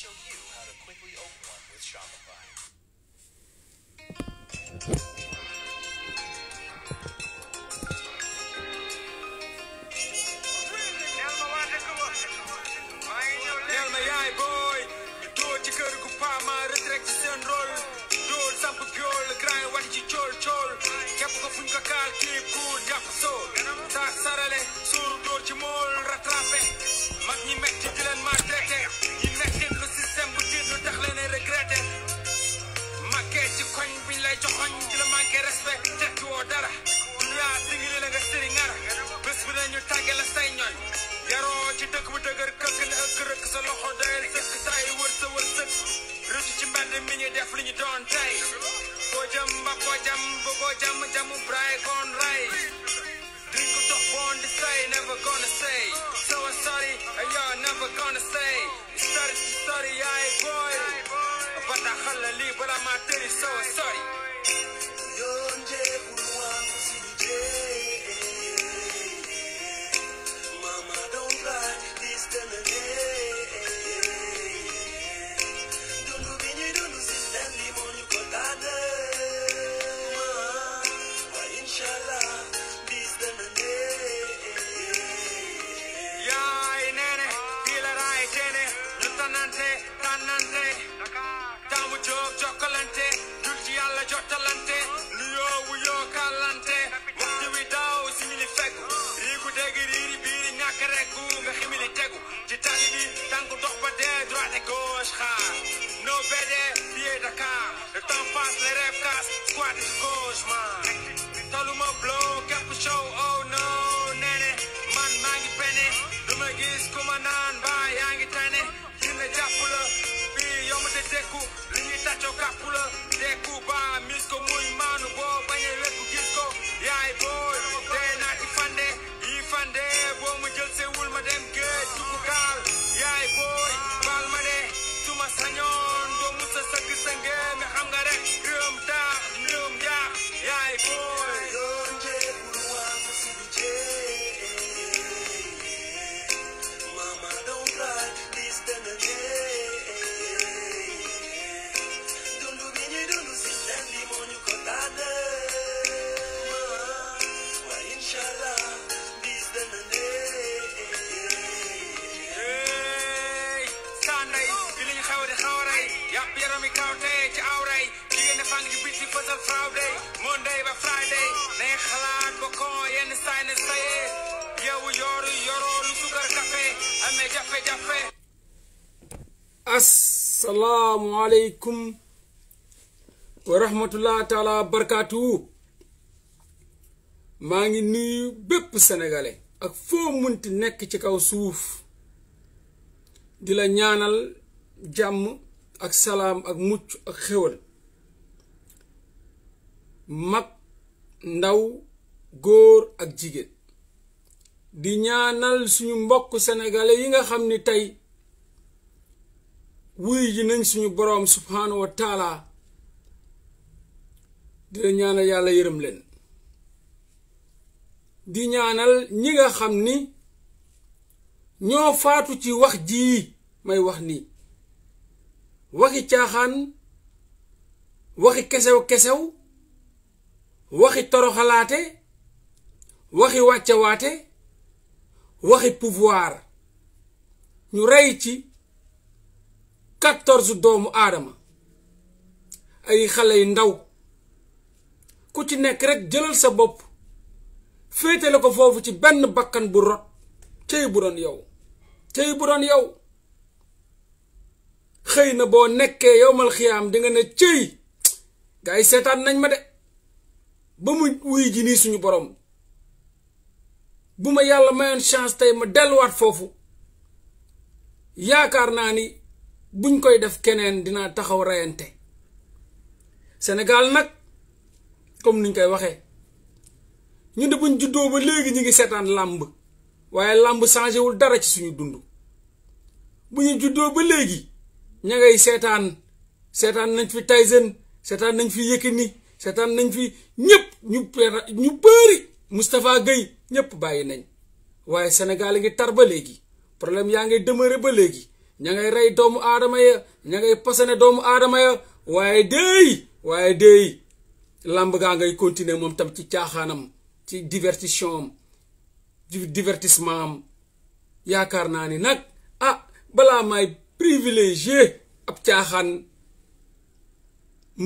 show you how to quickly open one with Shopify. ይገኛል የሮች ደክብ ደገር ከክል እግርክ ስለሆደ ሰክታይ ውርስ ውርስክ ርስችን ባንድሚን የደፍልኝ ዶንታይ ጎጀም ባጓጀም በጎጀም ጀሙ ብራይ ጎን ራይ ድንቅ ቶፎንድ ሳይ ነቨር ጎነ ሳይ ሰው ሰሪ እያ ነቨር ጎነ ሳይ ሰሪ ሰሪ አይ ቦይ በታኸለሊ በላማቴሪ ሰው ሰሪ jottalante nuyoowu yoo kaalante simili nga ximili tegu ci dox ba dee droite et gauche xaar no bede pied Dakar le temps passe squat gauche man taluma blow show oh no nene man pene gis naan ba la fii yomb dékku Muchachos cápula, de Cuba, mis como hermano, Friday Monday ba Friday day maa ngi nuyu bépp sénégalais ak foo munti nekk ci kaw suuf di la ñaanal jàmm ak salaam ak mucc ak xéwal mag ndaw góor ak jigéen di ñaanal suñu mbokk senegale yi nga xam ni tey wuy ji nañ suñu borom subhaanahu wa taala di la ñaanal yàlla yërëm leen di ñaanal ñi nga xam ni ñoo faatu ci wax jii may wax nii waxi caaxaan waxi kesew kesew waxi toroxalaate waxi wàccewaate waxi pouvoir ñu rey ci quatorze doomu aadama ay xale yu ndaw ku ci nekk rek jëlal sa bopp féetale ko foofu ci benn bakkan bu rot cëy bu doon yow cëy bu doon yow xëy na boo nekkee yow mal xiyaam di ne cëy gaa yi seetaan nañ ma de ba mu wuy ji nii suñu borom bu ma yàlla mayoon chance tey ma delluwaat foofu yaakaar naa ni buñ koy def keneen dinaa taxaw reyante Sénégal nag comme niñ koy waxee ñu de buñ juddoo ba léegi ñu ngi seetaan làmb waaye làmb changé wul dara ci suñu dund bu ñu juddoo ba léegi ña seetaan seetaan nañ fi Tyson seetaan nañ fi Yékini Setan nañ fi ñepp ñu ñu bari mustafa gay ñepp bàyyi nañ waye senegal ngi tar ba legi problème ya nga demeure ba legi ña ngay ray doomu adama ya ña ngay pasane doomu adama ya waye déey waye déey lamb ga ngay continuer mom tam ci tiaxanam ci divertissement ci divertissement am nak ah bala may privilégié ab tiaxan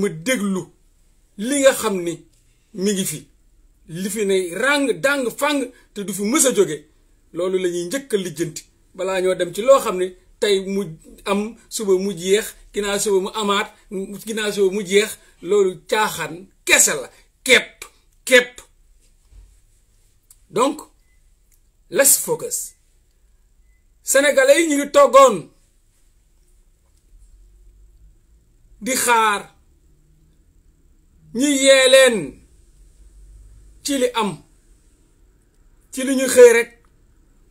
ma deglu li nga xam ni mi ngi fi li fi ne ràng dàng fàng te du fi mës a jóge loolu lañuy njëkk a lijjanti balaa ñoo dem ci loo xam ne tey mu am suba mu jeex ginnaaw suba mu amaat ginnaaw suba mu jeex loolu caaxaan kese la képp képp donc let's focus sénégalais yi ñu ngi toggoon di xaar ñu yee leen ci li am ci li ñu xëy rek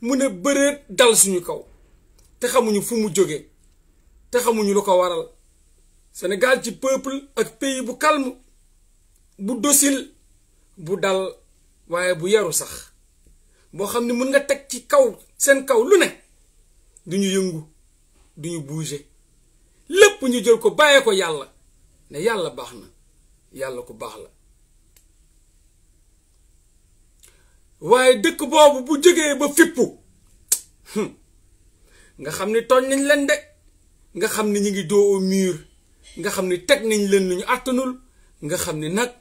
mu ne bëreet dal suñu kaw te xamuñu fu mu jóge te xamuñu lu ko waral Sénégal ci peuple ak pays bu calme bu docile bu dal waaye bu yaru sax boo xam ne mun nga teg ci kaw seen kaw lu ne duñu yëngu duñu bouger lépp ñu jël ko bàyyee ko yàlla ne yàlla baax na yàlla ku baax la waaye dëkk boobu bu jegee ba fippu nga xam ni tooñ nañ leen de nga xam ni ñu ngi doo au mur nga xam ni teg nañ leen lu ñu àttanul nga xam ni nag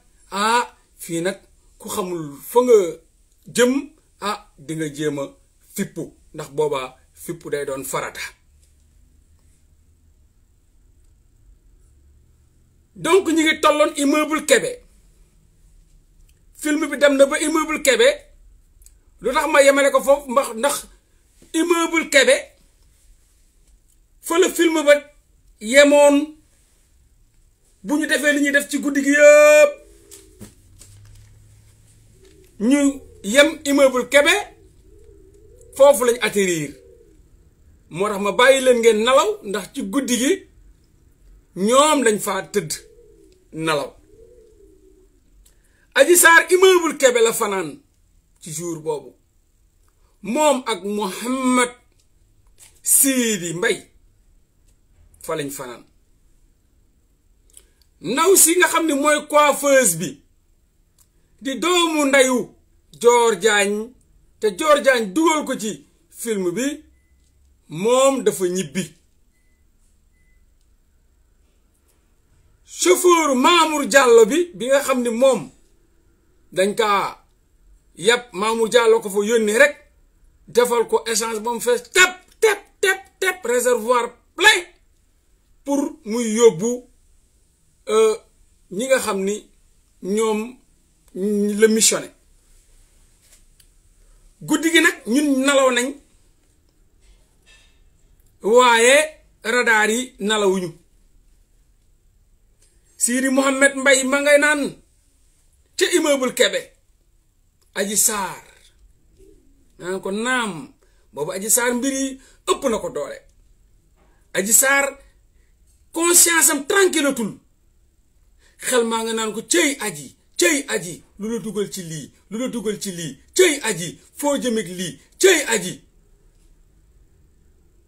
ah fii nag ku xamul fa nga jëm ah dinga nga jéem a fippu ndax boobaa fippu day doon farata donc ñu ngi tolloon immeuble Kébé film bi dem na ba immeuble kebe lu tax ma yemale ko foofu mbax ndax immeuble Kébé fa la ba yemoon bu ñu defee li ñuy def ci guddi gi yëpp ñu yem foofu lañ atterrir moo tax ma bàyyi leen ngeen nalaw ndax ci guddi gi. ñoom lañ faa tëdd nalaw aji saar immeuble kebe la fanaan ci jour boobu moom ak Mohammad Siidi Mbay fa lañ fanaan ndaw si nga xam ni mooy coiffeuse bi di doomu ndeyu Dior te Dior Diagne dugal ko ci film bi moom dafa ñibbi chauffeur Mamour jàllo bi bi nga xam ni moom dañ kaa yàpp Mamour Diallo ko fa yónnee rek defal ko échange ba mu fees tep tep tep tep réservoir plein pour muy yóbbu euh, ñi nga xam ni ñoom la missionné guddi gi nag ñun nalaw nañ waaye radar yi nalawuñu Siri Mohamed Mbaye ma ngay nan ci immeuble kebe Adji sar nan ko nam bobu Adji sar mbiri yi nako dole ko Adji conscience am tul xel ma nga nan ko cey aji cey aji lu la dugal ci li lu la dugal ci li cey aji li cey aji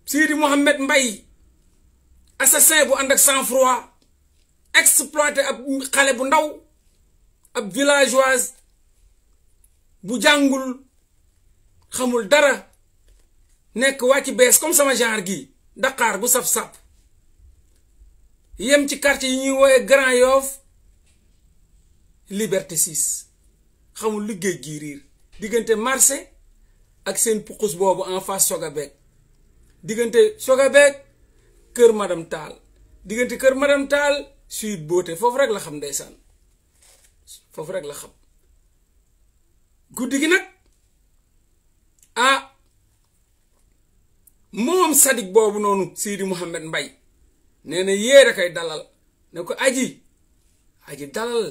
Siri Mohamed Mbaye assassin bu ànd ak sang-froid exploité ab xale bu ndaw ab villageoise bu jàngul xamul dara nekk wàcc bees comme sama genre gi Dakar bu saf-sap yem ci quartier yi ñuy wooye Grand Yoff Liberté 6 xamul liggéey gii riir diggante marché ak seen puqus boobu en face Sogabeg diggante Sogabeg kër madame Tall diggante kër madame Tall suy bote foofu rek la xam ndeysaan foofu rek la xam a ah sadik boobu nonu Sidi Muhammad Mbay nee na dalal ne ko aji aji dalal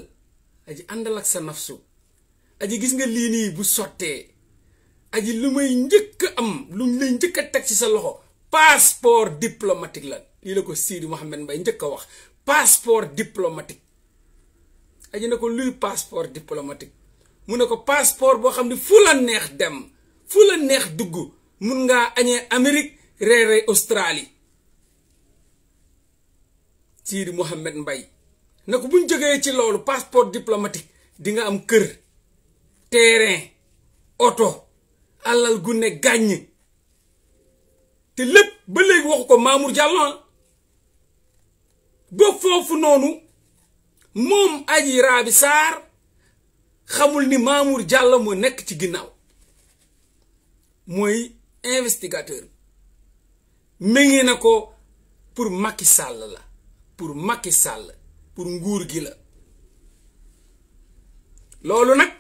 aji andal ak sa nafsu aji gis nga lii bu aji lumay may am lu lay njëkk tek ci sa loxo passeport diplomatique la lii la ko Sidi mohammed Mbay wax passeport diplomatique aji ne ko luy passeport diplomatique mu ne ko passeport boo xam ne fu la neex dem fu la neex dugg mun ngaa añee Amérique reere Australie Sidi Mouhamed mbay na ko buñ jógee ci loolu passeport diplomatique dinga am kër terrain oto alal gune ne gàññ te lépp ba léegi waxu ko Mamour Diallo ah. ba foofu noonu moom Adji Raby xamul ni Mamour jàll moo nekk ci ginnaaw mooy investigateur méngee na ko pour Macky Sall la pour Macky sàll pour nguur gi la loolu nag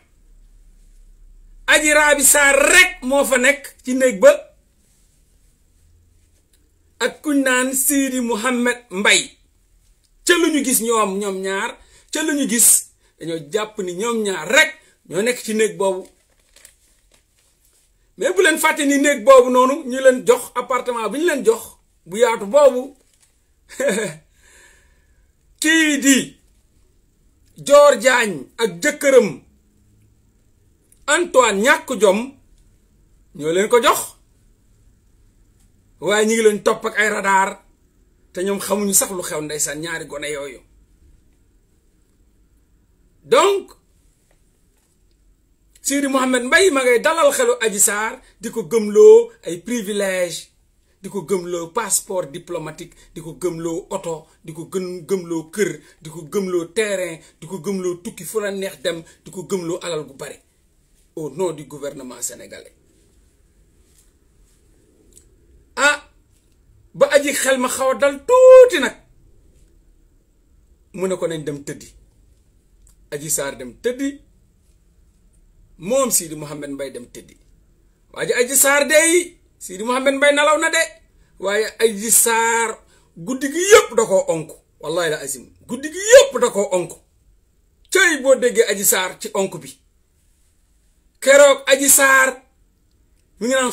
Adji Raby rek moo fa nekk ci néeg ba ak kuñ naan Sidi Mouhamed mbay ca la ñu gis ñoom ñoom ñaar ca la ñu gis dañoo jàpp ni ñoom ñaar rek ñoo nekk ci néeg boobu mais bu leen fàtte ni néeg boobu noonu ñu leen jox apartement bi ñu leen jox bu yaatu boobu kii joor Dior ak jëkkëram Antoine ñàkk jom ñoo leen ko jox waaye ñu ngi leen topp ay radar te ñom xamuñu sax lu xew ndaysan ñaari gone yooyu donc Sidi Mouhamed Mbaye ma ngay dalal xelu Adji Sarr di ko ay privilège diko gëmlo passeport diplomatique diko gëmlo auto diko gëmlo kër diko gëmlo terrain diko gëmlo tukki fu la neex dem diko gëmlo alal gu bari au nom du gouvernement sénégalais ah ba aji xel ma xaw a dal tuuti nag mu ne ko nañ dem tëddi aji saar dem tëddi moom Sidi Mouhamed Mbaye dem tëddi waaye aji saar dey Sidi Mouhamed Mbaye nalaw na de waaye aji saar guddi gi yëpp da onk wallahi la azim guddi gi yëpp da koo onk cëy boo déggee aji saar ci onk bi keroog aji saar mi ngi naan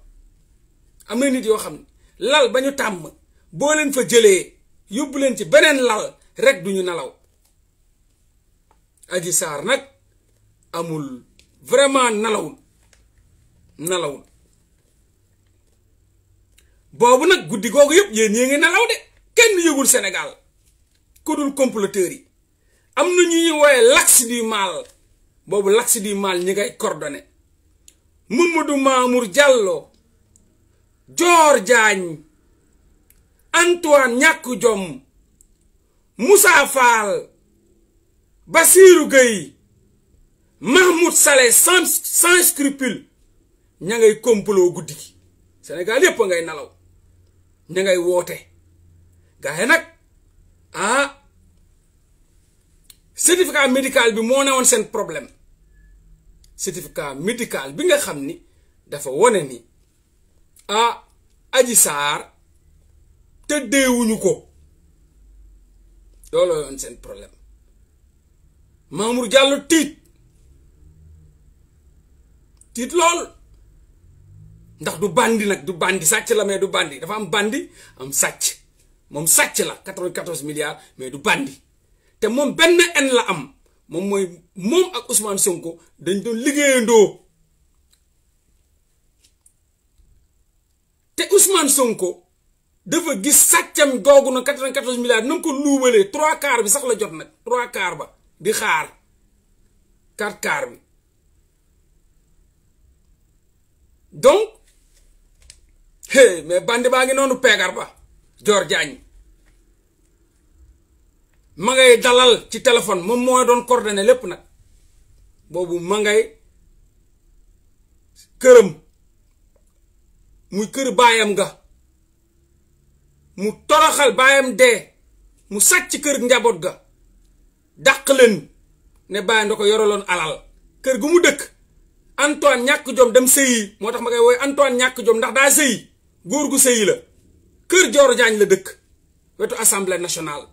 amna nit yo xamni lal bañu tam bo len fa jëlee yóbbu len ci benen lal rek duñu nalaw aji sar nak amul vraiment nalaw nalaw bobu nak guddi gogu yeb yéen yée ngi nalaw de kenn yegul senegal ku dul comploteurs yi amna na ñuy woy l'axe du mal bobu l'axe du mal ñi ngay coordonné Mamour Diallo Dior Diagne Antoine ñàkk jom Moussa Fall Bassirou Gueye Mahmoud Saleh sans sans scrupule ña ngay guddi gi Sénégal yépp ngay nalaw ña ngay woote gaa yi nag ah certificat médical bi moo ne woon seen problème certificat médical bi nga xam ni dafa wone ni ah Adji Sarr tëddeewuñu ko looloo yoon seen problème Mamour Diallo tiit tiit lool ndax du bandi nag du bandi sàcc la mais du bandi dafa am bandi am sàcc moom sàcc la 94 milliards mais du bandi te moom benn en la am moom mooy moom ak Ousmane ko dañ doon liggéeyandoo te Ousmane Sonko dafa gis sàccam googu na 94 milliards na nga ko luubalee trois quarts bi sax la jot nag trois quarts ba di xaar quatre quarts bi donc mais bandi baa ngi noonu peegar ba Dior Diagne ma ngay dalal ci téléphone moom mooy doon coordonné lépp nag boobu ma ngay këram muy kër baayam ga mu toroxal baayam dee mu sàcc kër njaboot ga dàq leen ne baayam da ko yoroloon alal kër gu mu dëkk Antoine ñàkk jom dem sëyi moo tax ma ngay woy Antoine ñàkk jom ndax daa sëyi góor gu sëyi la kër Joor Jaañ la dëkk wetu assemblée nationale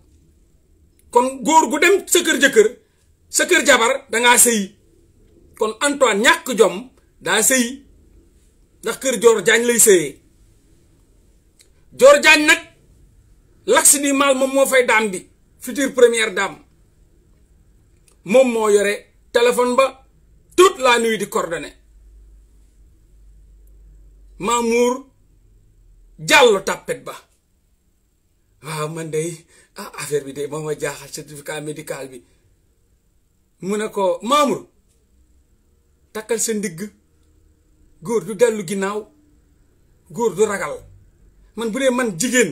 kon góor gu dem sa kër jëkkër sa kër jabar dangaa sëyi kon Antoine ñàkk jom daa sëyi ndax kër joor Diagne lay sëyee Dior Diagne nag l'axe du mal moom moo fay daam bi future première dame moom moo yore téléphone ba toute la nuit di coordonné Mamour Diallo tàppet ba waaw ah, man day ah affaire bi de moo ma jaaxal certificat médical bi mu ne ko Mamour takkal sa ndigg góor du dellu ginnaaw góor du ragal man bu dee man jigéen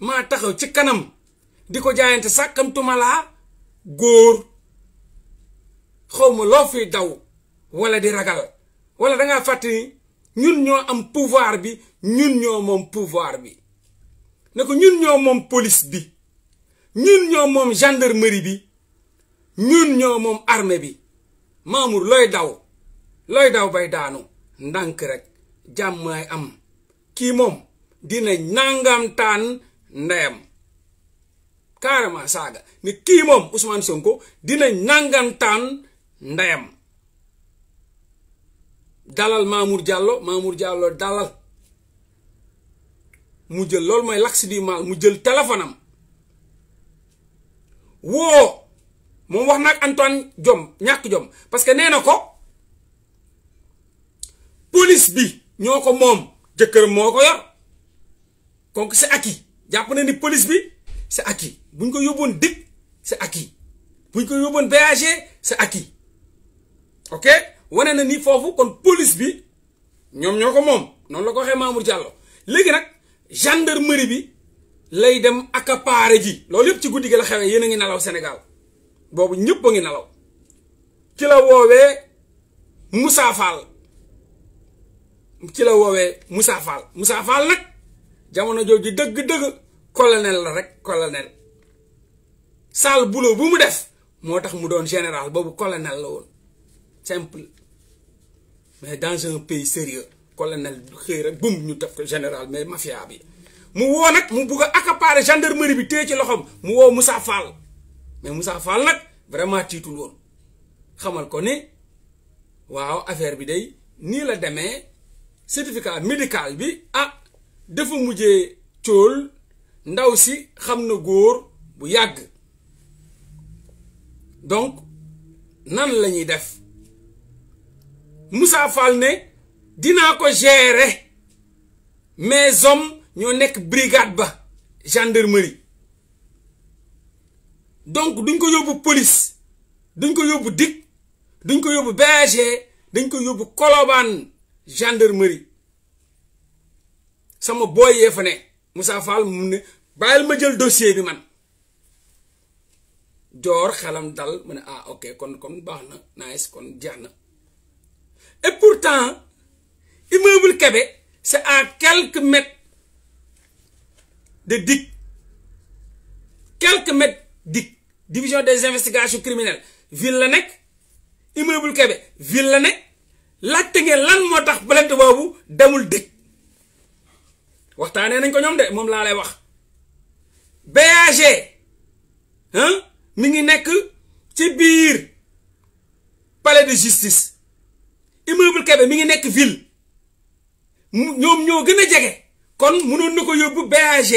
maa taxaw ci kanam di ko jaayante sàkkamtuma laa góor xaw ma loo fiy daw walla di ragal wala dangaa fàtte ñun ñoo am pouvoir bi ñun ñoo moom bi ne ko ñun police bi ñun ñoo moom gendarmerie bi ñun ñoo moom armée bi Mamour looy daw looy daw bay daanu ndank rek am ki mom dina tan ndem carrément saga ni ki mom Ousmane Sonko dina tan ndem dalal Mamour Diallo Mamour Diallo dalal mu jël lol moy l'axe du mal mu jël téléphone wo mom wax nak Antoine jom ñak jom parce que nena ko police bi ñoko mom jëkër moko yor konk c'est acquis japp na ni police bi c'est acquis buñ ko yobone dik c'est acquis buñ ko yobone BAG c'est acquis ok wone na ni fofu kon police bi ñom ñoko ko non la ko waxee Mamour Diallo léegi nak gendarmerie bi lay dem accaparé ji loolu yëpp ci guddi la xewé yeena ngi nalaw Sénégal bobu ñëpp ngi nalaw ki la wowe Moussa Fall ci la woowee mussa Fall mussa Fall nag jamono jooju dëgg-dëgg colonel la rek colonel sale boulot bu mu def moo tax mu doon général boobu colonel la woon simple mais dans un pays sérieux colonel du xëy rek bum ñu def ko général mais mafia bi mu woo nag mu bugg a accaparer gendarmerie bi téye ci loxom mu woo Moussa Fall mais mussa Fall nag vraiment tiitul woon xamal ko ni waaw affaire bi dey nii la demee. certificat médical bi ah dafa mujjee cóol ndaw si xam na bu yag donc nan lañuy def Moussa Fall né dina ko gérer mes hommes ñoo nek brigade ba gendarmerie donc duñ ko yóbbu police duñ ko yóbbu dik duñ ko yóbbu BG dañ ko yóbbu Colobane gendarmerie sama suis yee Moussa Fall dossier bi man dal ah ok kon kon nice kon et pourtant immeuble c'est à quelques mètres de DIC quelques mètres DIC division des investigations criminelles ville la nek immeuble ville laajte ngeen lan moo tax plainte boobu demul dëj waxtaanee nañ ko ñoom de moom laa lay wax BAG mu ngi nekk ci biir palais de justice immeuble Kébé mi ngi nekk ville ñoom ñoo gën a jege kon mënoon na ko yóbbu BAG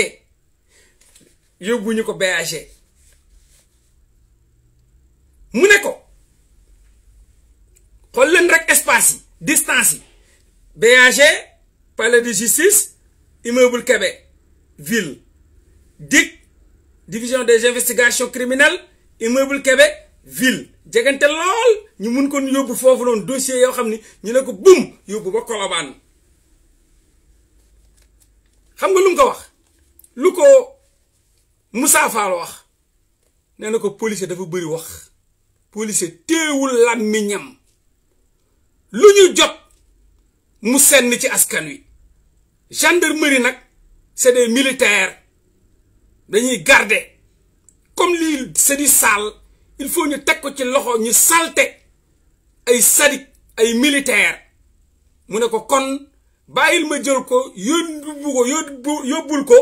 yóbbuñu ko BAG mu ne ko xool leen rek espace yi distance yi BAG palais de justice immeuble Québec ville DIC division des investigations criminelles immeuble Québec ville jegante lol, ñu mun ko yóbbu fofu non dossier yoo xamni ni ñu lako ko bum ba Colobane xam nga lu mu ko wax lu ko Moussa Fall wax Né na ko policier dafa bëri wax policier téewul làmmiñam lu ñu jot mu senn ci askan wi gendarmerie nag c'est des militaires dañuy garder comme lii c'est du sale il faut ñu teg ko ci loxo ñu salte ay sadik ay militaires mu ne ko kon bàyyil ma jël ko yóbbu ko yóbbul ko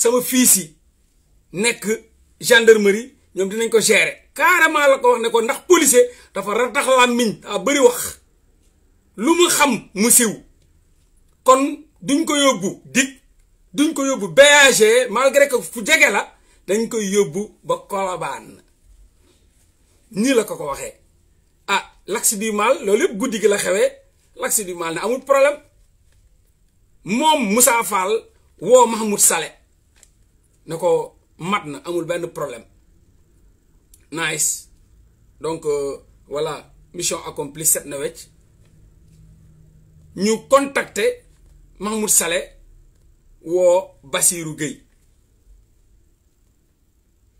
sama fils yi nekk gendarmerie ñoom dinañ ko gérer carrément la ko wax ne ko ndax policier dafa ratax làmmiñ daa bëri wax lu mu xam mu siw kon duñ ko yóbbu dig duñ ko yóbbu BAG malgré que fu jege la dañ koy yóbbu ba kolobaan nii la ko ko waxee ah l'axe du mal loolu yëpp guddi gi la xewee l'axe du mal ne amul problème moom Moussa Fall woo Mahmoud sale ne ko mat na amul benn problème nice donc euh, voilà mission accomplie set na wecc ñu contacter Mahmoud salé wo Basirou Gueye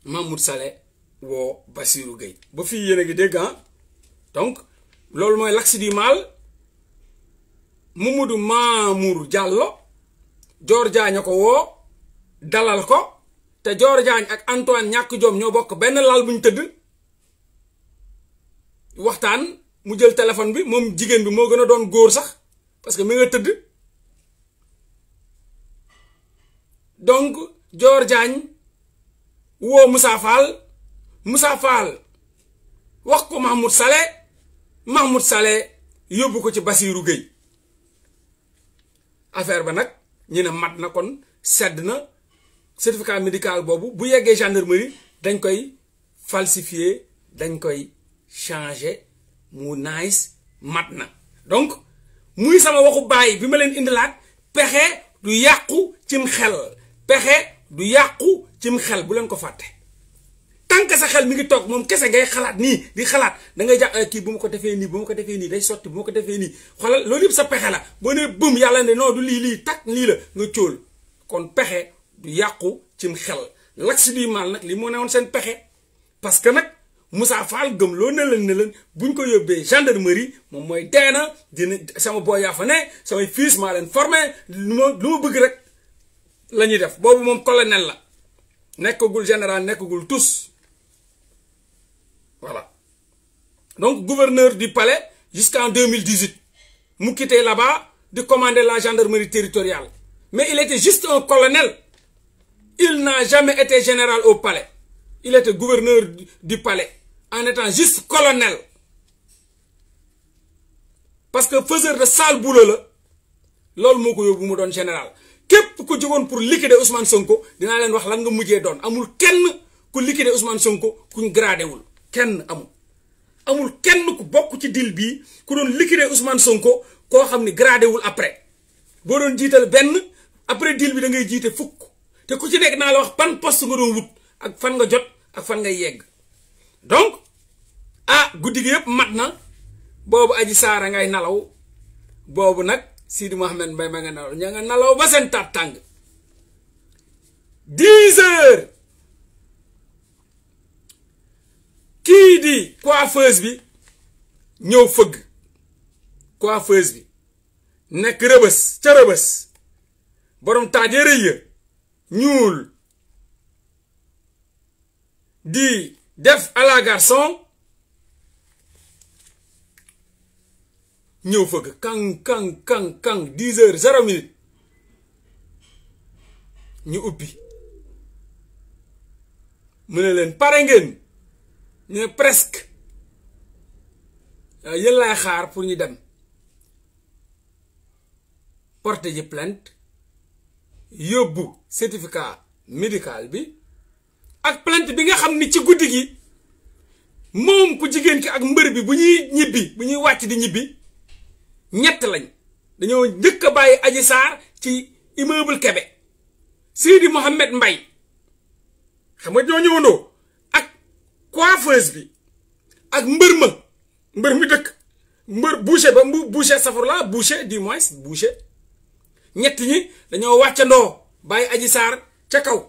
Mahmoud salé wo Basirou Gueye bu fi yene gi dégg han ah. donc lolou moy l'axe du mal mumudu Mamour Diallo Dior ñako wo dalalko, dalal ko te Dior ak Antoine ñak jom ño bok ben lal buñ teud waxtan mu jël téléphone bi mom jigen bi mo gëna doon sax parce que mu nga tëdd donc Dior Diagne woo Moussa Fall Moussa wax ko Mahmoud sale Mahmoud sale yóbbu ko ci Basirou Gueye affaire ba nag ñu ne mat na kon sedd na certificat médical boobu bu yeggee gendarmerie dañ koy falsifier dañ koy changer mu nice mat na donc muy sama waxu baay bi ma leen indilaat pexe du yàqu cim xel pexe du yàqu cim xel bu leen ko fàtte tant que sa xel mi ngi toog moom kese ngay xalaat nii di xalaat da ngay jàpp eh, kii bu ma ko defee nii bu ma ko defee nii day sotti bu ma ko defee nii xoolal loolu yëpp sa pexe la boo nee bëm yàlla ne non du lii lii tak lii la nga cóol kon pexe du yàqu cim xel l'axe du mal nag li moo ne woon seen pexe parce nag Moussa Fall gëmloo na leen ne leen ko gendarmerie mom moy téna di dina sama boy ya fa ne fils je formé lu ma bëgg rek la def bobu mom colonel la nekkagul général nekkagul tous voilà donc gouverneur du palais jusqu'en 2018 mu quitté là-bas de commander la gendarmerie territoriale mais il était juste un colonel il n'a jamais été général au palais il était gouverneur du palais en étant juste colonel parce que faiseur de sale boulot c'est ce que je veux mu général képp ku pour liquider Ousmane Sonko dinaa leen wax lan nga mujjee doon amul kenn ku liquider Ousmane Sonko kuñ gradé wul kenn amul. amul kenn ku ci deal bi, ku liquider Ousmane Sonko ko xam gradé après ben après deal bi da ngay jiite te ku ci nekk poste jot donc a ah, guddi yëpp mat na boobu aji saara ngay nalaw boobu nag Sidi Mohamed Mbaye ma nga nalaw ña nga nalaw ba seen taat tàng kii di coiffeuse bi ñëw fëgg coiffeuse bi nekk rëbës ca rëbës borom taaje rëy ya ñuul di def à la garçon ñëw fëgg kang kang kang kang dix heures zéro minute ñu ubbi mu ne leen pare ngeen ñu ne presque euh, yéen laay xaar pour ñu dem porte ji plainte yóbbu certificat médical bi ak plant bi nga xam ni ci guddi gi moom ku jigéen ki ak mbër bi bu ñuy ñibbi bu ñuy wàcc di ñibbi ñett lañ dañoo njëkk a bàyyi Adji Sarr ci immeuble Kébé Sidi Mohamed Mbay xam nga ñoo ñëwandoo ak coiffeuse bi ak mbër ma mbër mi dëkk mbër boucher ba mbu boucher safar la boucher du moins ñett ñi dañoo wàccandoo bàyyi aji Sarr ca kaw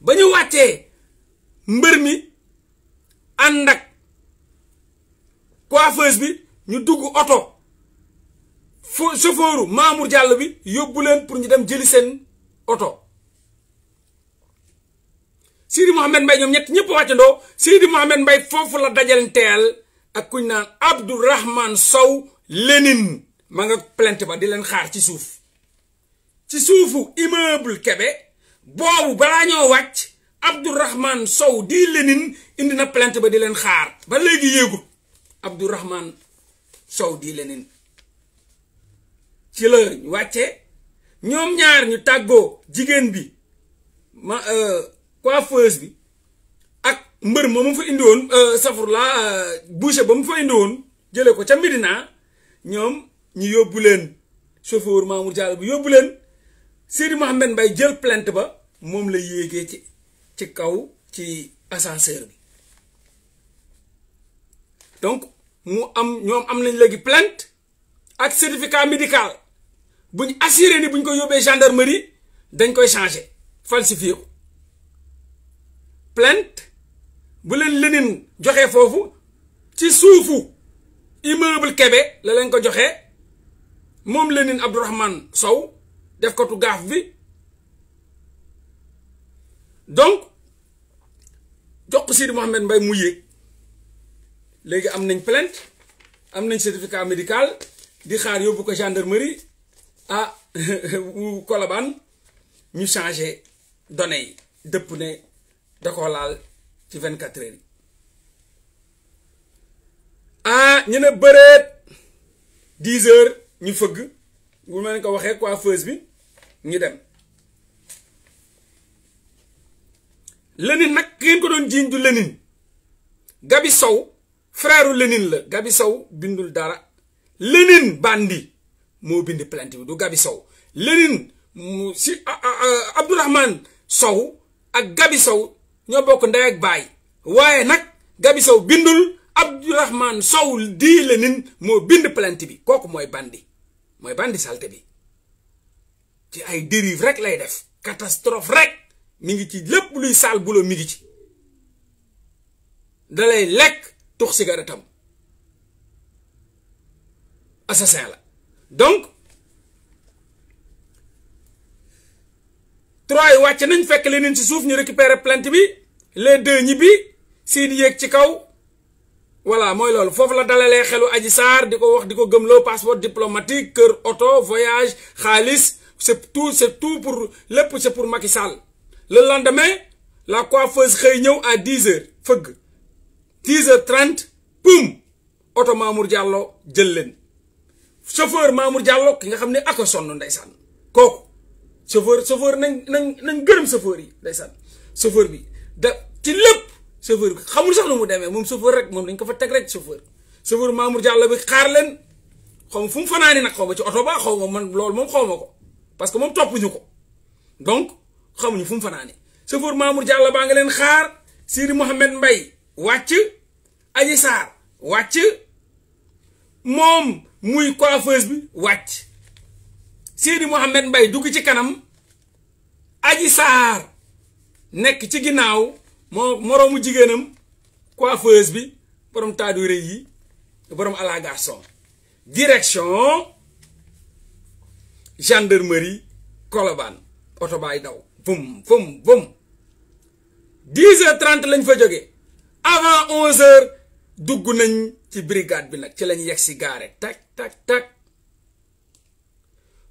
ba ñu wàccee mbër mi andak coiffeuse bi ñu dugg auto chauffeur chauffeuru Mamour Diallo bi yóbbu muhammad pour ñu dem jëli sen muhammad Sidi Mouhamed Mbaye ñoom ñett ñëpp wàccandoo Sidi mohammed mbay fofu la dajanteel ak kuñ naan Abdourahman Sow lenin ma nga plainte ba di len xaar ci souf ci immeuble kebe bobu bala ñoo wacc Abdourahman Sow di Lénine indi na plainte ba di leen xaar ba léegi yéegul Abdourahman Sow di Lénine ci la wàcce ñoom ñaar ñu tàggoo jigéen bi ma euh, coiffeuse bi ak mbër ma mu fa indi woon euh, safur la euh, ba mu fa indi woon jëlee ko ca Medina ñoom ñu yóbbu leen chauffeur Mamour Diallo bi yóbbu leen Sidi Mohamed Mbaye jël plant ba moom la yéegee ci ci kaw ci ascenseur bi donc mu am ñoom am nañ léegi plainte ak certificat médical buñ assuré ni buñ ko yóbbee gendarmerie dañ koy changé falsifié ko plainte bu leen leneen joxee foofu ci suufu immeuble kebe la ko joxee moom leneen Abdourahmane Sow def ko tu gaaf bi donc jox ko Sidi Mohamed mu yéeg léegi am nañ plainte am nañ certificat médical di xaar yóbbu ko gendarmerie ah wu ñu changé données yi dëpp ne da ci vingt quatre heures yi ah ñu ne bëreet dix heures ñu fëgg bu ma leen ko waxee coiffeuse bi ñu dem. Lénine nag ngeen ko doon jiiñ du Lénine Gabi Sow frère Lénine la Gabi Sow bindul dara Lénine bandi moo bind plainte bi du Gabi Sow Lénine mu si Abdourahmane Sow ak Gabi Sow ñoo bokk ndey ak baay waaye nag Gabi Sow bindul Abdourahmane Sow di Lénine moo bind plainte bi kooku mooy bandi mooy bandi salte bi ci ay dérive rek lay def catastrophe rek mi ngi ci lépp luy saal buloo mi ngi ci dalay lekk tux cigarette assassin la donc trois yi wàcc nañ fekk leneen ci suuf ñu récupérer plainte bi les deux ñibbi seen yéeg ci kaw voilà mooy loolu foofu la dalalee xelu Adji Sarr di ko wax di ko gëmloo passeport diplomatique cœur auto voyage Khalis, c'est tout c'est tout pour lépp c'est pour Macky Sall le lendemain la coiffeuse réunion à 10 h 10 h 30 poum Auto Mamour Diallo jël chauffeur Mamour Diallo ki nga xam ne ak a sonn ndeysaan chauffeur chauffeur nañ nañ nañ chauffeur yi ndeysaan chauffeur bi De, ti lépp chauffeur chauffeur, xamul sax chauffeur, mu chauffeur, chauffeur, chauffeur rek chauffeur, dañ ko fa chauffeur, rek chauffeur chauffeur Mamour Diallo bi xaar chauffeur, chauffeur, chauffeur, fu mu xaw ci ba xaw man xaw parce que ko donc. xamuñu fu mu fanaane sëfoor Mamour Diallo baa nga leen xaar Siri Mohamed Mbay wàcc Aji Sarr wàcc moom muy coiffeuse bi wàcc Siri Mohamed Mbay dugg ci kanam Aji Sarr nekk ci ginnaaw moo moroomu jigéenam coiffeuse bi borom taadu rëy yi borom à la direction gendarmerie Colobane oto baay daw bum bum bum 10h30 lañ fa jóge avant 11h dugg nañ ci brigade bi nag ci lañ yegg si gaare tak tak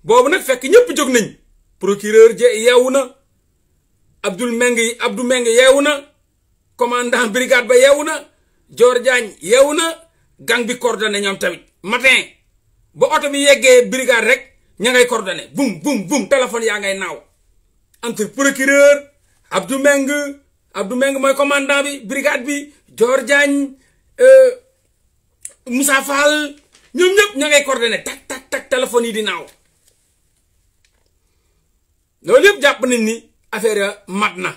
boobu nag fekk ñëpp jóg nañ procureur je yeewu na Abdoul Meng yew Meng yeewu na commandant brigade ba yeewu na Dior Diagne yeewu na gang bi coordonné ñoom tamit matin ba oto bi yeggee brigade rek ña ngay coordonné bum bum bum téléphone yaa ngay naaw. entre procureur Abdou Meng Abdou Meng moy commandant bi brigade bi Dior euh Moussa Fall ñom ñep ñay coordonner tak tak tak téléphone yi di naw loolu yëpp japp nañ ni affaire ya mat na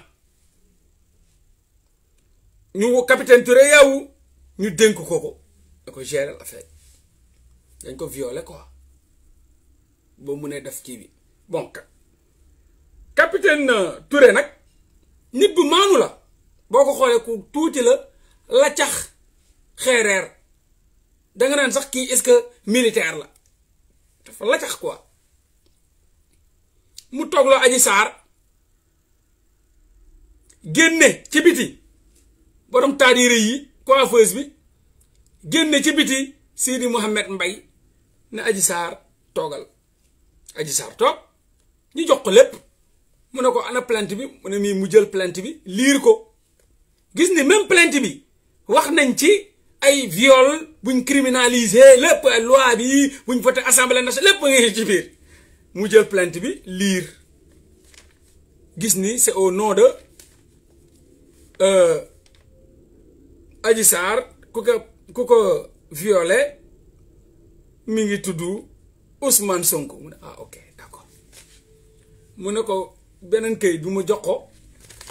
ñu capitaine Touré yaw ñu denk ko ko ko gérer l'affaire dañ ko violer quoi bo mu def ki bi bon capitaine euh, Touré nag nit bu maanu la boo ko xoolee ku tuuti la la cax xeereer danga naan sax kii est-ce que militaire la dafa la cax quoi mu toog la aji saar génne ci biti borom taadiire yi coiffeuse bi génne ci biti Sidi Mouhamed Mbay ne aji saar toogal aji saar toog ñu jox ko lépp mu ne ko ana plant bi mu ne mii mu jël plainte bi liir ko gis ni même plainte bi wax nañ ci ay viol buñ criminalisé lépp loi bi buñ voté assemblée nationale lépp ngi ci biir mu jël plant bi liir gis ni c'est au nom de euh, Adji ku ko ku ko violé mi ngi tudd Ousmane Sonko mu ne ah ok d'accord mu ne ko beneen këyit bi mu jox ko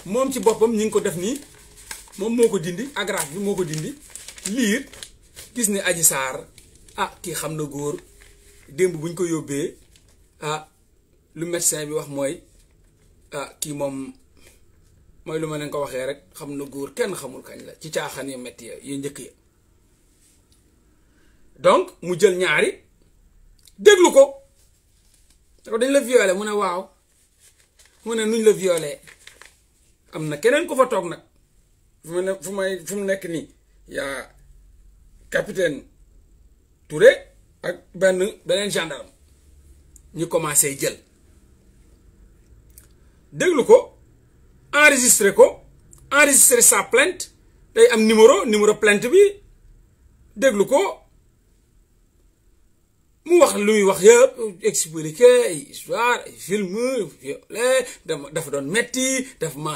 moom ci boppam ñi ngi ko def nii moom moo ko dindi agrafe bi moo ko dindi liir gis ni aji saar ah kii xam na góor démb bu ñu ko yóbbee ah lu médecin bi wax mooy ah kii moom mooy lu ma leen ko waxee rek xam na góor kenn xamul kañ la ci caaxan yu métti ya njëkk ya donc mu jël ñaari déglu ko dañ la violé mu ne waaw mu ne nuñ la violé am na keneen ku fa toog nag fu fu may fu mu nekk nii yaa capitaine Touré ak benn beneen gendarme ñu commencé jël déglu ko enregistré ko enregistré sa plainte day am numéro numéro plainte bi déglu ko mu wax luy wax yëpp expliqué histoire film violé dama dafa doon metti dafa ma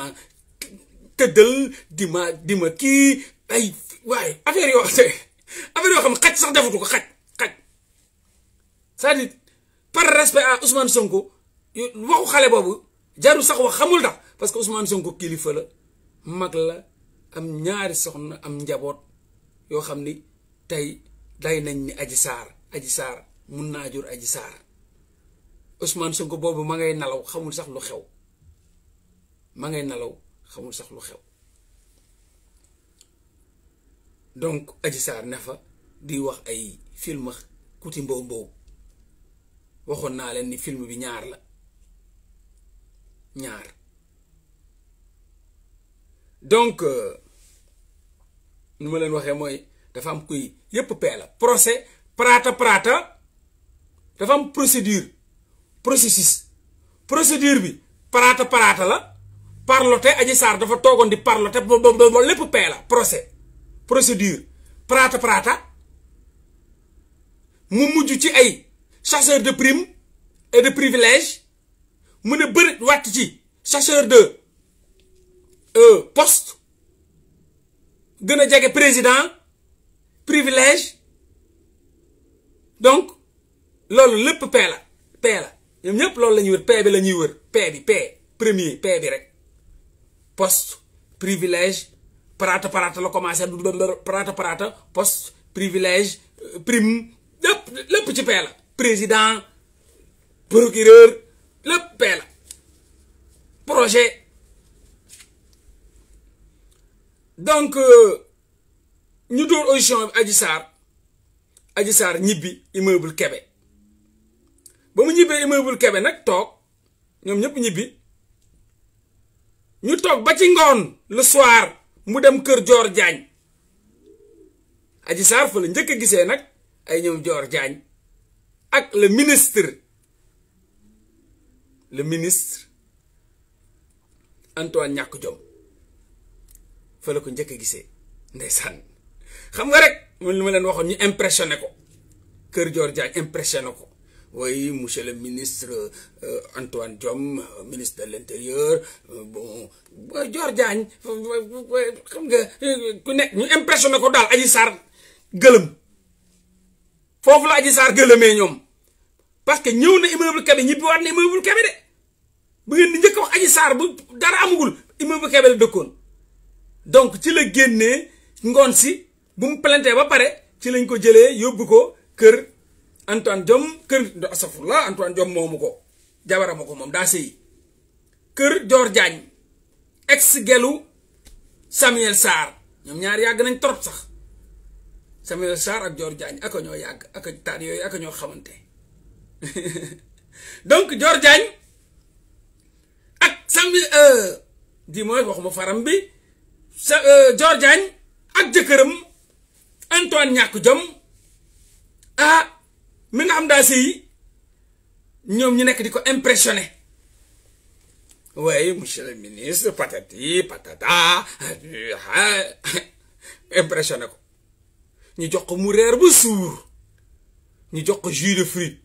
tëddal di ma kii ay waaye affaire yoo xam affaire xaj sax defatu ko xaj xaj cest à par respect à Ousmane Sonko waxu xale boobu jarul sax wax xamul tax parce que Ousmane Sonko kilifa la mag la am ñaari soxna am njaboot yoo xam ni tey day nañ ni Adji Sarr Adji Sarr mun naa jur aji saar Ousmane Sonko boobu ma ngay nalaw xamul sax lu xew ma ngay nalaw xamul sax lu xew donc aji saar ne fa di wax ay film kuti mbow mbow waxoon naa leen ni film bi ñaar la ñaar donc euh, nu ma leen waxee mooy dafa am kuy yépp pee la procès prata prata dafa une procédure processus procédure bi paraata prata la parloté Adji dafa parloté le la procès procédure parata prata. mu chasseur de primes et de privilèges mu ne chasseur de euh, poste gën président privilège donc loolu lepp paix la paix la ñom la wër paix premier paix bi poste privilège prata parata le commencé parata poste privilège euh, prime le petit ci président procureur le paix projet donc nous euh, devons audition bi immeuble Québec. ba mu ñibbee immeuble Kébé nag toog ñoom ñëpp ñibbi ñu toog ba ci ngoon le soir mu dem kër joor Diagne Adji Sarr fa la njëkk a gisee nag ay ñoom joor jaañ ak le ministre le ministre Antoine ñàkk jom fa la ko njëkk a gisee ndeysaan xam nga rek mun li ma leen waxoon ñu impressionné ko kër Dior Diagne impressionné ko oui monsieur le ministre euh, Antoine Diome euh, ministre de l' intérieur euh, bon Dior Diagne xam nga ku nekk ñu impressionné ko daal Adji Sarr gëlëm foofu la Adji Sarr gëlëmee ñoom parce que ñëw na immeuble Kébé ñibbi waat na immeuble Kébé de bu ngeen di njëkk wax Adji Sarr bu dara amagul immeuble Kébé dëkkoon donc ci la génnee ngoon si bu mu plantee ba pare ci lañ ko jëlee yóbbu ko kër. Antoine keur do astafurlah Antoine jom momuko ko jabara ma ko moom daa sëy Dior Diagne ex gelu Samuel Sar ñom ñaar yag nañ torop sax Samuel Sar ak Dior Diagne ak ñoo yag ak taat yoy ak ñoo xamanté donc Dior Diagne ak Samuel eh, di mooy waxuma faram bi sa Dior eh, Diagne ak jëkkëram Antoine ñàkk jom ah mi nga am da yi ñom ñu nek diko ko impressione monsieur le ministre patati patata impressionné ko ñu jox ko mu reer bu sour ñu jox ko jus de fruit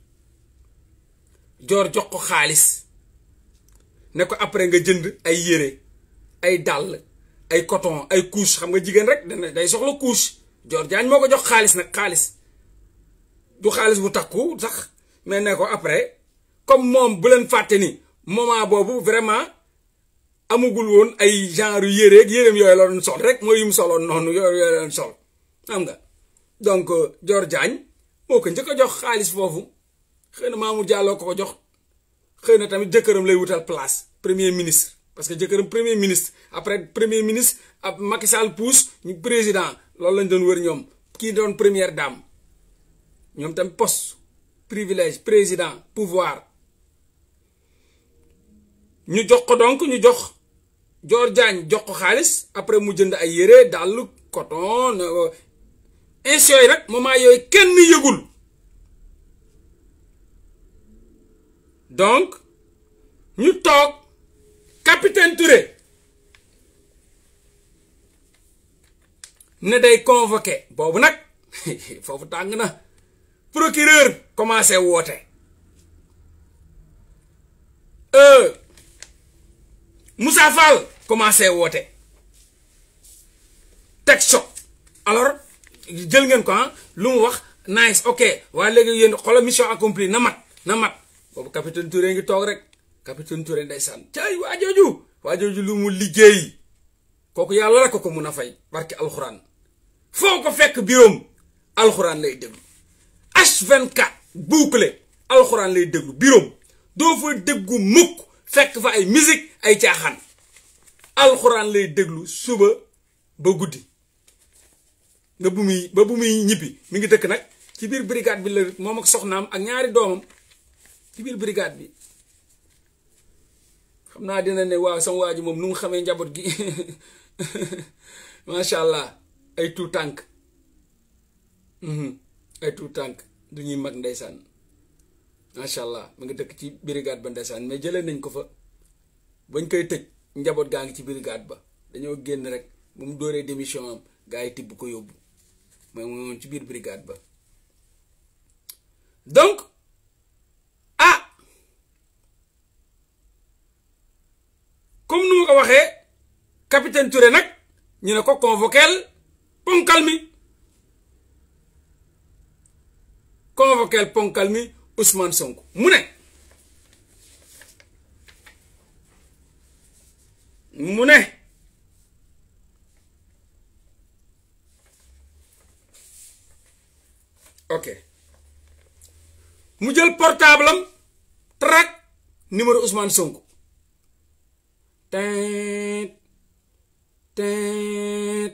jor jox ko xaalis ne ko après nga jënd ay yéré ay dal ay coton ay couche xam nga jigen rek day soxla couche jor jañ moko jox nak du xaliss bu takku sax mais ne ko après comme mom bu len faté ni moment bobu vraiment amugul won ay genre ak yérem yoy la doon sol rek moy yum solo nonu yoy yoy la doon sol xam nga donc euh, Dior Diagne moo ko njëkk jox xaliss fofu xeyna Mamour Diallo ko jox xeyna tamit lay wutal place premier ministre parce que jëkkëram premier ministre après premier ministre ab Macky Sall pousse ni président lolou lañ doon wër ñom ki doon première dame ñom tam poste privilège président pouvoir ñu jox ko donc ñu jox Dior Diagne jox ko xaalis après mu jënd ay yéré dàll coton ainsi euh, rek moment yoy kenn yegul. donc ñu tok capitaine Touré ne day convoquer bobu nak fofu tàng na procureur commencé woote euh, Moussa Fall commencé woote teg choc alors jël ngeen ko ah lu mu wax nice ok waaye léegi yéen xoolal mission accomplie na mat na mat boobu capitaine Touré ngi toog rek capitaine Touré ndeysaan ay waa jooju waa jooju lu mu liggéey kooku yàlla rek ko mun a fay barke alxuraan foo ko fekk biroom alxuraan lay déglu. H24 bouclé alxuraan lay déglu biroom doo fa déggu mukk fekk fa ay musique ay caaxaan alxuraan lay déglu suba ba guddi nga bu muy ba bu muy ñibbi mi ngi dëkk nag ci biir brigade bi la moom ak soxnaam ak ñaari doomam ci biir brigade bi xam naa dina ne waaw sama waa ji moom nu mu xamee njaboot gi macha allah ay tuutànk mhm. ay tout tànk du ñuy mag ndeysaan macha allah mu ngi dëkk ci brigade ba ndeysaan mais jëlee nañ ko fa bañ koy tëj njaboot gaa ngi ci brigade ba dañoo génn rek bu mu dóoree démission am gaa yi tibb ko yóbbu mooy moom ci biir brigade ba donc ah comme nu ma ko waxee capitaine Touré nag ñu ne ko convoqué ponkal mi. convoqué ponkal mi Ousmane Sonko mu ne mu ne ok mu jël portable am track numéro Ousmane Sonko teet teet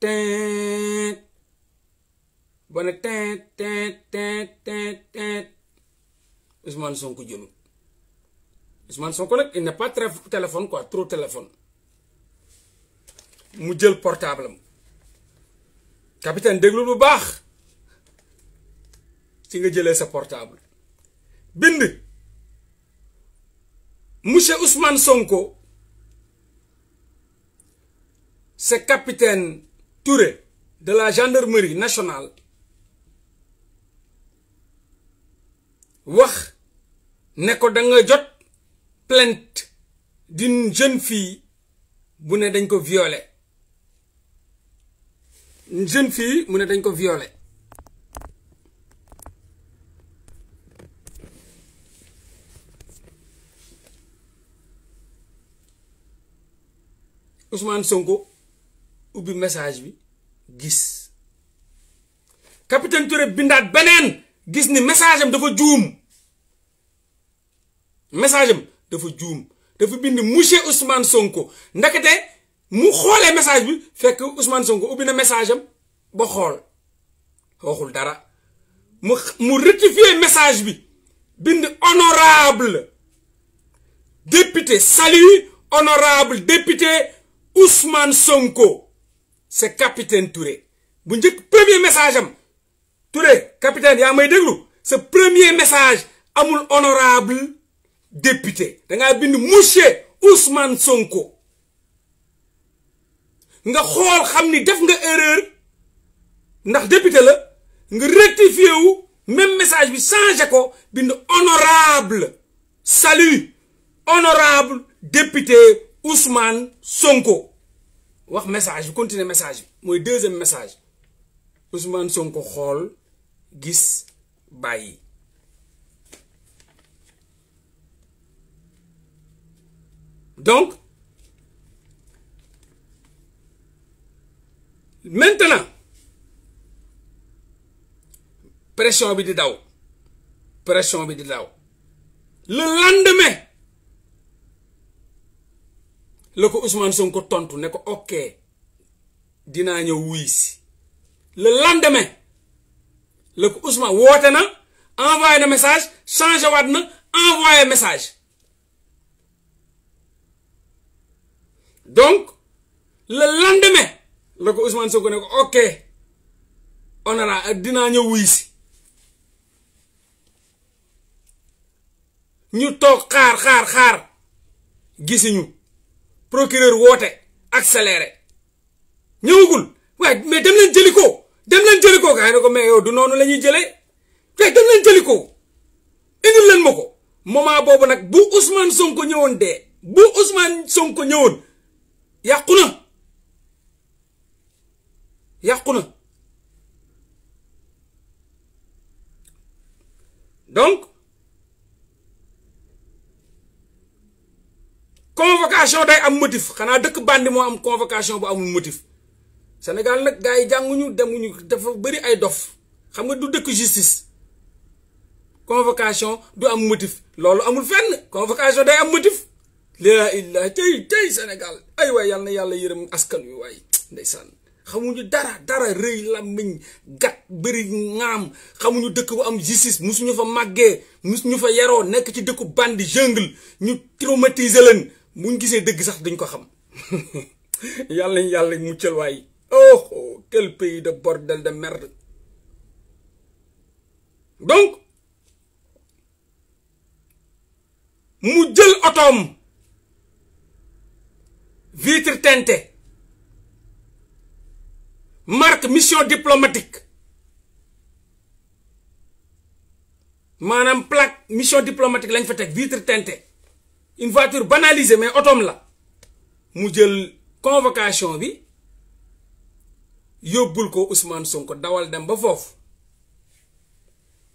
teet ba ne tent tent tent tent tent Ousmane Sonko jëlul Ousmane Sonko nag il n'est pas très téléphone quoi trop téléphone mu jël portable am capitaine déglu bu baax si nga jëlee sa portable bind monsieur Ousmane Sonko c'est capitaine Touré de la gendarmerie nationale wax ne ko da nga jot plainte d'une jeune fii bu ne dañ ko viole une jeune fille mu ne dañ ko viole Ousmane Sonko ubbi message bi gis capitaine Touré bindaat beneen gis ni message am dafa djoum. message am dafa juum dafa bind monsieur Ousmane Sonko ndakate mu le message bi fekk Ousmane Sonko ubina le message am ba xol dara mu message bi bind honorable député salut honorable député Ousmane Sonko c'est capitaine Touré bu premier message Touré capitaine yaa déglu Ce premier message amul honorable député da a bind Ousmane Sonko nga xool xam def nga erreur ndax député la nga rectifié le même message bi sans ko bind honorable salut honorable député Ousmane Sonko wax message continue le message Mon le deuxième message Ousmane Sonko xool gis bàyyi donc maintenant pression bi di daw pression bi di daw le lendemain la ko Ousmane Sonko tontu ne ko ok dinaa ñëw wuy si le lendemain la ko Ousmane woote na envoyé na message changé waat na envoyé message donc la le lendemain la ko Ousmane Sonko ne ko ok on a dinaa ñëw ñu toog xaar xaar xaar gisuñu procureur woote accéléré ñëwagul waaye mais dem leen jëli ko dem leen jëli ko gars ko mais yow du noonu lañuy ñuy jëlee fekk dem leen jëli leen ma ko moment boobu nag bu Ousmane Sonko ñëwoon dee bu Ousmane Sonko ñëwoon yàqu na yàqu na donc convocation day am motif xanaa dëkk bandi moo am convocation bu amul motif. Sénégal nag gars yi jànguñu demuñu dafa bëri ay dof xam nga du dëkk justice convocation du am motif loolu amul fenn convocation day am motif laa illah tey tey Sénégal ay waay yàlla na yàlla yërëm askan wi waay ndeysaan xamuñu dara dara rëy làmmiñ gat bëri ŋaam xamuñu dëkk bu am justice musuñu fa màggee musuñu fa yaroo nekk ci dëkku bandi jungle ñu traumatiser leen mu gisee dëgg sax duñ ko xam yàlla yàlla muccal waay Oh, oh, quel pays de bordel de merde. Donc, Moudjel Autom. vitre teintée marque mission diplomatique manam plaque mission diplomatique lañ fa vitre teintée une voiture banalisée mais Otom là. Moudjel, convocation oui yobul ko Ousmane Sonko dawal dem ba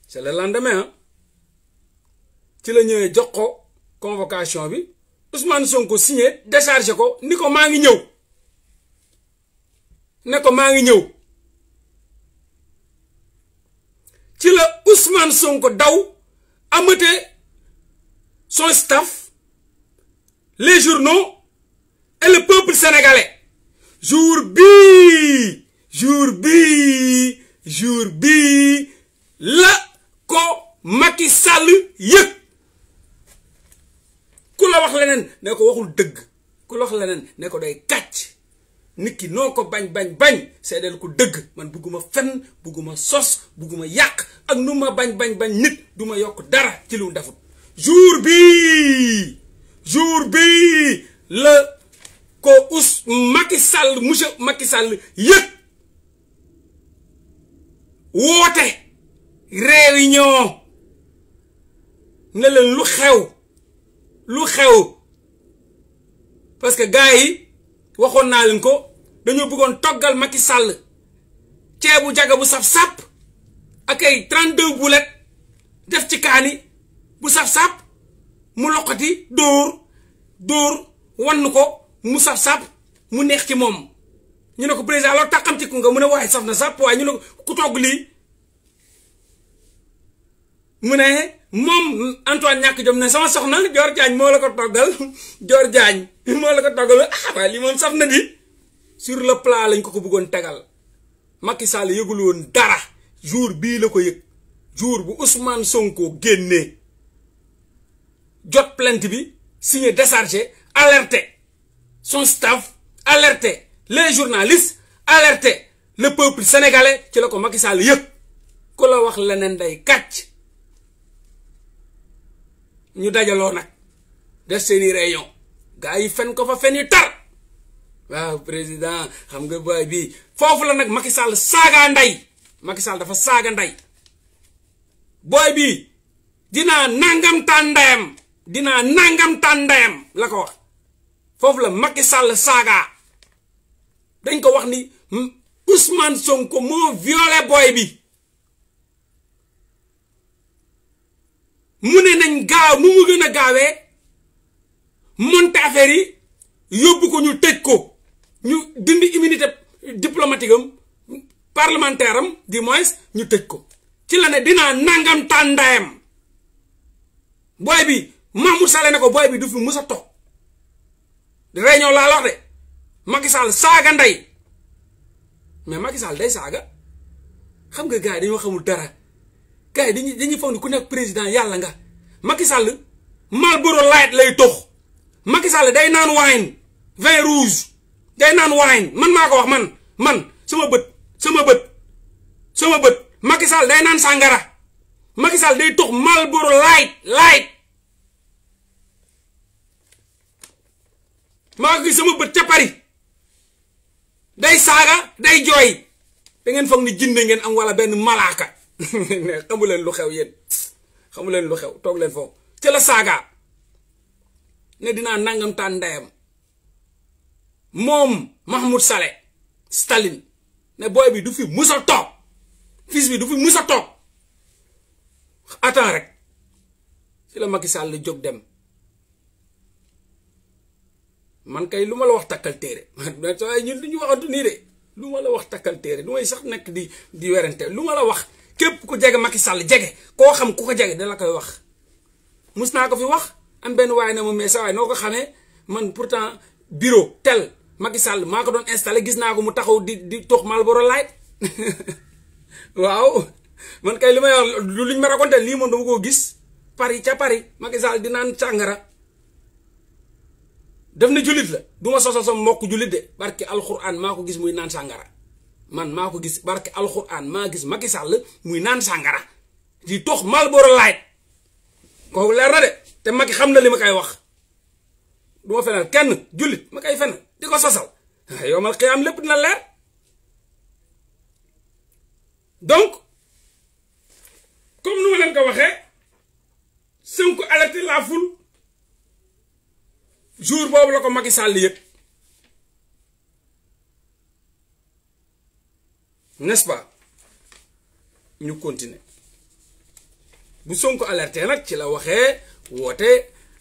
c'est le lendemain hein. ci la ñëwé jox ko convocation bi Ousmane Sonko signé décharger ko niko ma ngi ñëw ngi ñëw Ousmane Sonko daw amate son staff les journaux et le peuple sénégalais jour bii jour bii jour bii la ko Macky Sall yëg ku la wax leneen ne ko waxul dëgg ku la wax ko day kàcc nit ki noo ko bañ bañ bañ seedeel ko dëgg man bugguma fenn bugguma sos bugguma yàq ak nu ma bañ bañ bañ nit du ma yokk dara ci lu defut jour bii jour bii la ko us Macky Sall yëg woote réunion ne leen lu xew lu xew parce que gars yi waxoon naa leen ko dañoo bëggoon toggal Macky sàll ceebu jaga bu saf-sàpp ak ay 32 boulet def ci kaani bu saf-sàpp mu loqati dóor dóor wann ko mu saf-sàpp mu neex ci moom ñu ne ko président loolu tàqamtiku nga mu ne way saf na sàpp waaye ñu ne ku togg li mu ne mom Antoine ñak jom ne sama soxna Dior jañ mo la ko togal Dior jañ mo la ko togal ah waaye li mom saf na di sur le plan lañ ko ko bëggoon tégal Macky Sall won dara jour bi la ko yek jour bu Ousmane Sonko genné jot plainte bi signé décharger alerté son staff alerté les journalistes alertaient le peuple sénégalais qui la ko Macky la wax day Nous ñu gars yi fen fa tar président xam nga bi la nag Macky saga Macky dafa saga nangam tandem, dina nangam tandem, L'accord, la ko Macky dañ ko wax ni Ousmane Sonko mo violé boy bi mune nañ gaaw mu mu gëna gaawé monté monte affaire yi yobbu ko ñu tejj ko ñu dindi immunité diplomatique am parlementaire am moins ñu tejj ko ci la ne nangam tandayam boy bi Mamour Sall ne ko boy bi du fi musa tok réunion la wax de Macky Sall saaga ndey mais Macky day saaga xam nga gars yi dañoo xamul dara gars yi dañuy dañuy ni ku nekk président yàlla nga Macky Sall Marlboro Light lay tox Macky Sall day naan wine vin day naan wine man maa ko wax man man sama bët sama bët sama bët Macky Sall day naan sàngara Macky Sall day tox Marlboro Light Light maa ngi sama bët ca Paris day saaga day jooy da ngeen foog ni jinne ngeen am wala benn malaaka xamu leen lu xew yéen xamu leen lu xew toog leen foofu ca saaga ne dinaa nangam taan ndeyam moom Mahmoud Saleh Staline ne booy bi du fi mus a toog fils bi du fi mus a toog attends rek ci la Macky Sall jóg dem. man kay luma la wax takkal man waaye ñun duñu waxantu nii de lu la wax takal téré lu may sax nek di di werante luma la wax képp ku jégué Macky Sall jégué ko xam ku ko jégué dala koy wax musna ko fi wax am ben way na mo mé sa way noko xamé man pourtant bureau tel Macky Sall mako don installer gis naa ko mu taxaw di di tox Marlboro Light wow, man kay luma wax lu luñ ma raconté li mo do ko gis Paris ca Paris Macky Sall di nan changara def na jullit la du ma sosal sama mbokk jullit de barke alxuraan maa ko gis muy naan sàngara man maa ko gis barke alxuraan maa gis Macky Sall muy naan sàngara di tox Marlboro Light kooku leer na de te Macky xam na li ma koy wax du ma kenn jullit ma koy fenal di ko sosal ah, yow mal xiyaam lépp dina leer donc comme nu leen ko waxee Sonko alerté la foule jour boobu ko Macky Sall n'est-ce pas Nous continuer bu Sonko alerter nak ci la waxé woté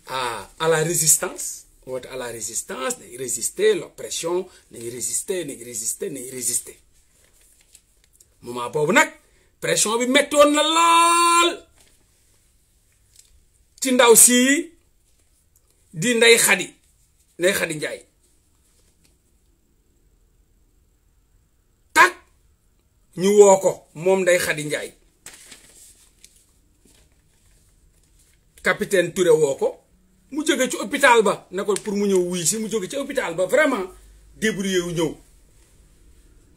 à la résistance woté à la résistance Ne résister l'oppression Ne résister Ne résister Ne résister moment bobu pression bi mettoon laal ci ndaw di ndey xadi ndey xadi njaay tak ñu woo ko moom ndey xadi njaay capitaine Touré woo ko mu jóge ci hôpital ba ne pour mu ñëw wuy si mu jóge ci hôpital ba vraiment débrouillé wu ñëw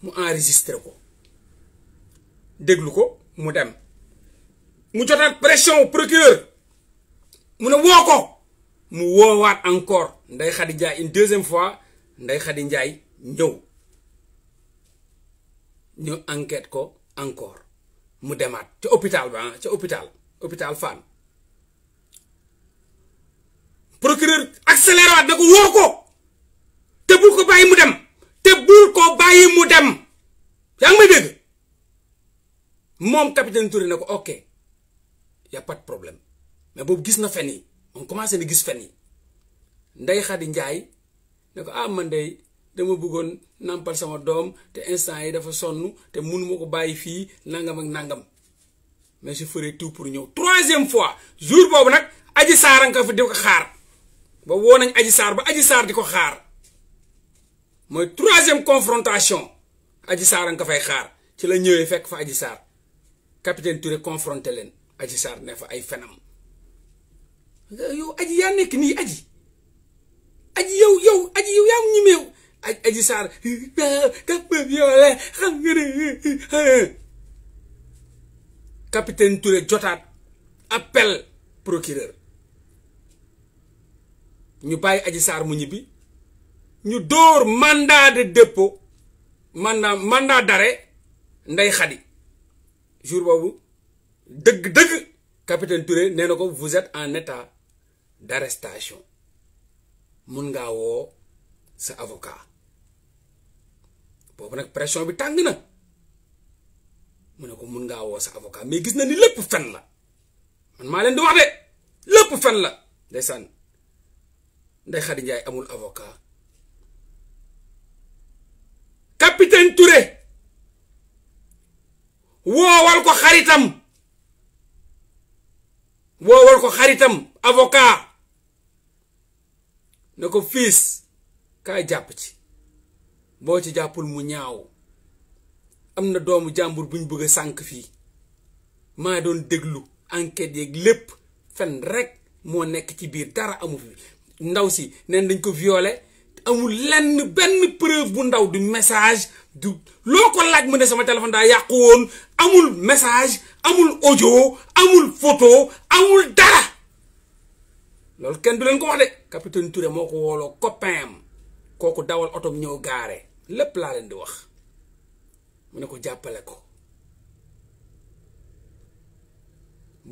mu enregistré ko déglu ko mu dem mu jotaat pression procureur mu ne woo ko mu woowaat encore Ndeye Khady Ndiaye une deuxième fois Ndeye Khady Ndiaye ñëw ñu enquête ko encore mu demaat ca hôpital ba ca hôpital hôpital Fann procureur accéléré na ko woo ko te ko bàyyi mu dem te ko bàyyi mu dem yaa ngi may dégg moom capitaine Touré na ko ok y a problème mais boobu gis na fen yi on commencé na gis fen yi Ndey Xadi Njaay ne ko ah man day dama bëggoon nàmpal sama doom te instant yi dafa sonn te mënuma ko bàyyi fii nangam ak nangam mais je ferai tout pour ñëw troisième fois jour boobu nag aji saar nga fi di xaar ba woo nañ aji saar ba aji saar di ko xaar mooy troisième confrontation aji saar nga fay xaar ci la ñëwee fekk fa aji saar capitaine Touré confronté leen aji saar ne fa ay fenam yow aji yaa nekk nii aji aji yow yow aji yow yaa mu ñimeew aji saar xam capitaine Touré jotaat appel procureur ñu bàyyi aji saar mu ñibbi ñu dóor mandat de dépôt mandat mandat d'arrêt ndey xadi jour boobu dëgg-dëgg capitaine Touré nee na ko vous êtes en état d'arrestation mun ngaa woo sa avocat boobu nag pression bi tàng na mu ne ko mun ngaa woo sa avocat mais gis na ni lépp fen la man maa leen di wax de lépp fen la ndeysaan Ndeye Khady Ndiaye amul avocat capitaine Touré woowal ko xaritam woowal ko xaritam avocat ne ko fiis kaay jàpp ci boo ci jàppul mu ñaaw am na doomu jàmbur bu ñu bëgg a sànk fii maa doon déglu enquête yeeg lépp fen rek moo nekk ci biir dara amul ndaw si neen dañ ko viole amul lenn benn preuve bu ndaw du message du loo ko laaj mu ne sama téléphone daa yàqu woon amul message amul audio amul photo amul dara loolu kenn du leen ko wax de capitaine Touré moo ko wooloo copain am kooku dawal otom ñëw gaare lépp laa leen di wax mu ne ko jàppale ko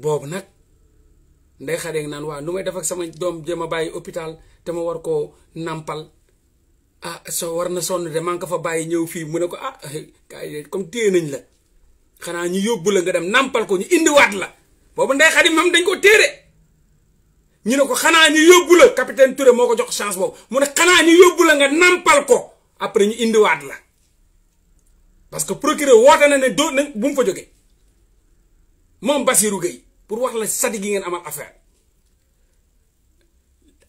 boobu nag ndey xaree naan waa nu may def ak sama doom jëm a bàyyi hôpital te ma war koo nàmpal ah soo war na sonn de maa ko fa bàyyi ñëw fii mu ne ko ah kaay eh, comme téye nañ la xanaa ñu yóbbu la nga dem nàmpal ko ñu indiwaat la boobu ndey xarit moom dañ koo téere ñu ne ko xanaa ñu yóbbu la capitaine Touré moo ko jox chance boobu mu ne xanaa ñu yóbbu la nga nampal ko après ñu indiwaat la parce que procureur woote na ne doo na bu mu fa jógee moom Bassirou Gueye pour wax la sadi gi ngeen amal affaire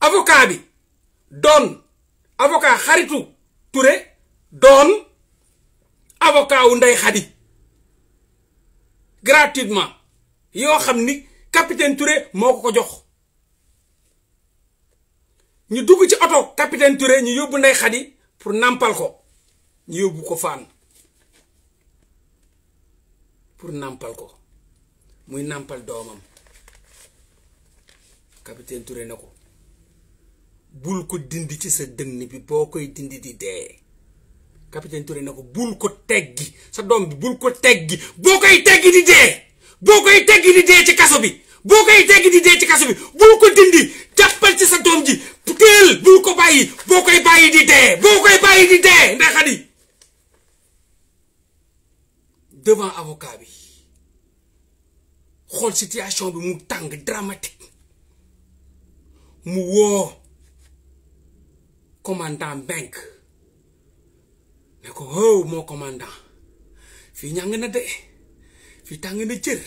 avocat bi doon avocat xaritu Touré doon avocat wu Ndeye Khady gratuitement yoo xam ni capitaine Touré moo ko ko jox. ñu dugg ci auto capitaine Touré ñu yobbu nday xadi pour nampal ko ñu yobbu ko faan pour nampal ko muy nampal domam capitaine Touré nako bul ko dindi ci sa nipi bi bokoy dindi di dé capitaine Touré nako bul ko teggi sa dom bi bul ko teggi bokoy teggi di dé bokoy teggi di dé ci kasso bi bokoy teggi di dé ci kasso bi bul ko dindi jappal ci sa dom ji teel bul ko bàyyi boo koy bàyyi di dee boo koy bàyyi di dee Ndeye Khady avocat bi xool situation bi mu tàng dramatique mu woo commandant Mbengue ne ko wow oh, moo commandant fii ñàng na de fii tàng jër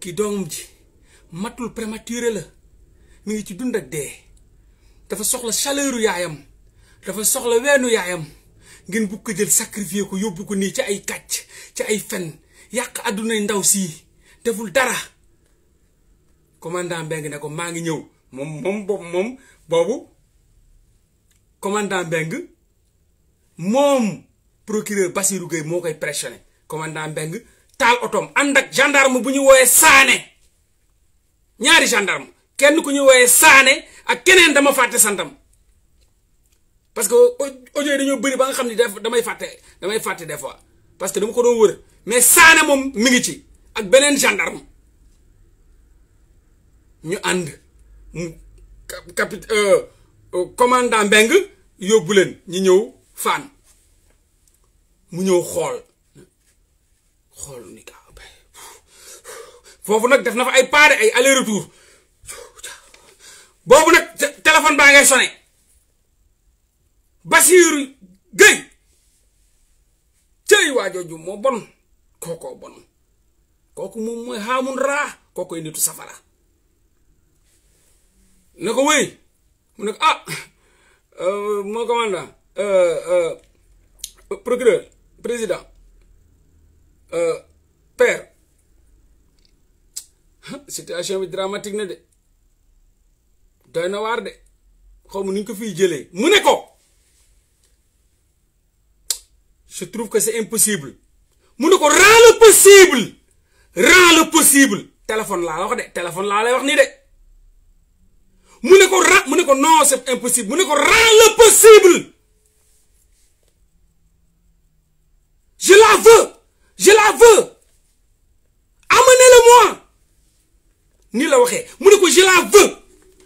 ki doomam ji matul prématuré la mu ngi ci dund dee dafa soxla chaleur yaayam dafa soxla weenu yaayam ngeen bugg ko jël sacrifier ko yóbbu ko nii ci ay kàcc ci ay fen yàq àdduna ndaw sii deful dara commandant Mbengue ne ko maa ngi ñëw moom moom boobu moom boobu commandant Mbengue moom procureur Bassirou Gueye moo koy pressionné commandant Mbengue taal otoom ànd ak gendarme bu ñu wooyee saane ñaari gendarme kenn ku ñu woyé saane ak keneen dama faté santam parce que audio dañu bëri ba nga xam ne def damay fàtte damay fàtte des fois parce que dama ko doon wër mais saane mom mi ngi ci ak benen gendarme ñu and capitaine euh, euh commandant beng yóbbu leen ñu ñëw faan mu ñew xol xol ni ka fofu nak def na fa ay paade ay aller retour bobu nak telephone ba ngay sone basir Gueye tey wajjo ju mo bon koko bon kooku moom mooy xaamun raa kookoy nitu safara wey mu nak ah, euh mo commanda euh euh procureur président euh, père situation bi dramatique na de doy na waar de xaw ma ko fiy jëlee mu ko je trouve que c'est impossible mu ko rend le possible rend le possible téléphone laa la wax de téléphone la lay wax ni de mu ne ko mu ko non c'est impossible mu ko rend le possible je la veux je la veux amenez-le-moi Ni la waxé mu ko je la veux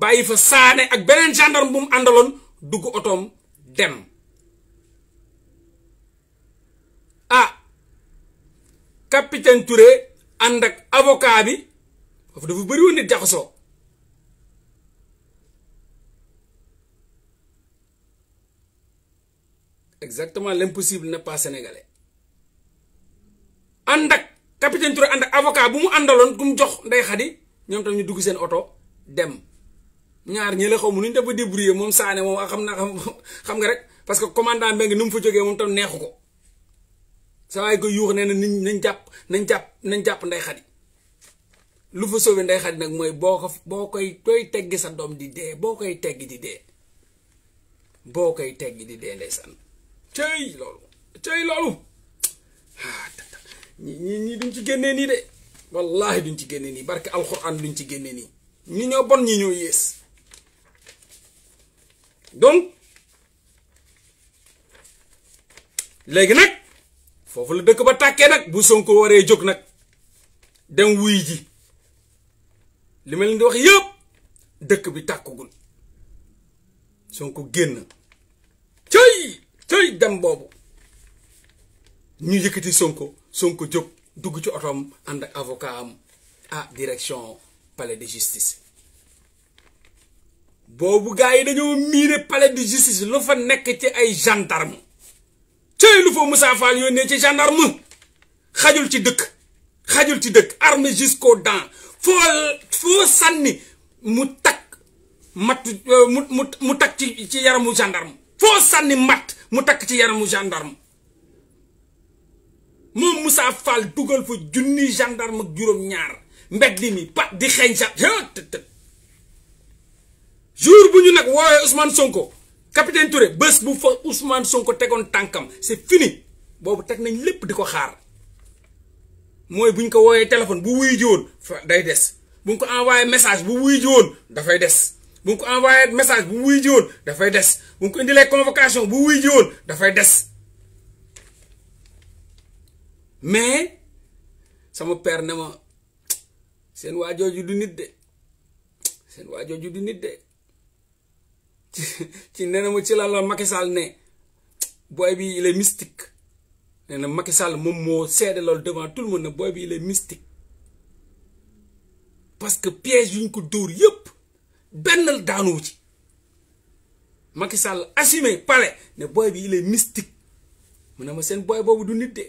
bayi fa saane ak benen gendarme bum andalon àndaloon otom dem ah capitaine Touré andak avocat bi foofu dafa beuri woni jaxoso exactement l'impossible n'est pas sénégalais andak capitaine Touré andak avocat bu mu àndaloon ku jox ndey xadi ñom tam ñu dugg sen auto dem ñaar ñi la xaw mu nuñ dafa débrouiller mom saane mom xam na xam nga rek parce que commandant mbeng num mu fa jógee moom tam neexuko sa way ko yuux neena na niñ nañ jàpp nañ jàpp nañ jàpp nday xadi lu fa sauvé nday xadi nak moy boko ko toy teggi sa dom di dé boo teggi di dé boo teggi di dé ndaysan ndeysaan cëy loolu cëy ni ni ni duñ ci génné ni dé wallahi duñ ci génné ni barke alcorane duñ ci génné ni ni ñoo bon ñi ñoo yes donc léegi nag foofu la dëkk ba tàkkee nag bu Sonko waree jóg nag dem wuy ji li ma leen di wax yëpp dëkk bi tàkkagul sonk génn cëy cëy dem boobu ñu yëkkati Sonko Sonko jóg dugg ci otoom ànd ak avocat am à direction palais de justice boobu gars yi dañoo miire palais de justice lu fa nekk ci ay gendarme cëy lu fa Moussa Fall yónnee ci gendarme xajul ci dëkk xajul ci dëkk armé jusqu'aux dents foo sànni mu takk matt euh, mu mu takk ci ci yaramu gendarme foo sànni matt mu takk ci yaramu gendarme moom Moussa Fall dugal fa junni gendarme ak juróom-ñaar mbedd li mi pa di xeeñ sa jour bu ñu nag woowee Ousmane Sonko capitaine Touré bés bu fa Ousmane Sonko tegoon tànkam c'est fini boobu teg nañ lépp di ko xaar mooy bu ñu ko woowee téléphone bu wuyu ji day des bu ñu ko envoyé message bu wuyu ji dafay des bu ñu ko envoyé message bu wuyu dafay des bu ñu ko indilee convocation bu wuyu ji woon dafay des mais sama père ma seen waajooju du nit de seen waajooju du nit de. ci nee na mu ci la la Macky Sall ne booy bi il est mystique nee na Macky Sall moom moo seede loolu devant tout le monde ne booy bi il est mystique parce que piège yu ñu ko dóor yëpp benn daanuwu ci Macky Sall assumé pale ne booy bi il est mystique mu ne ma seen booy boobu du nit de.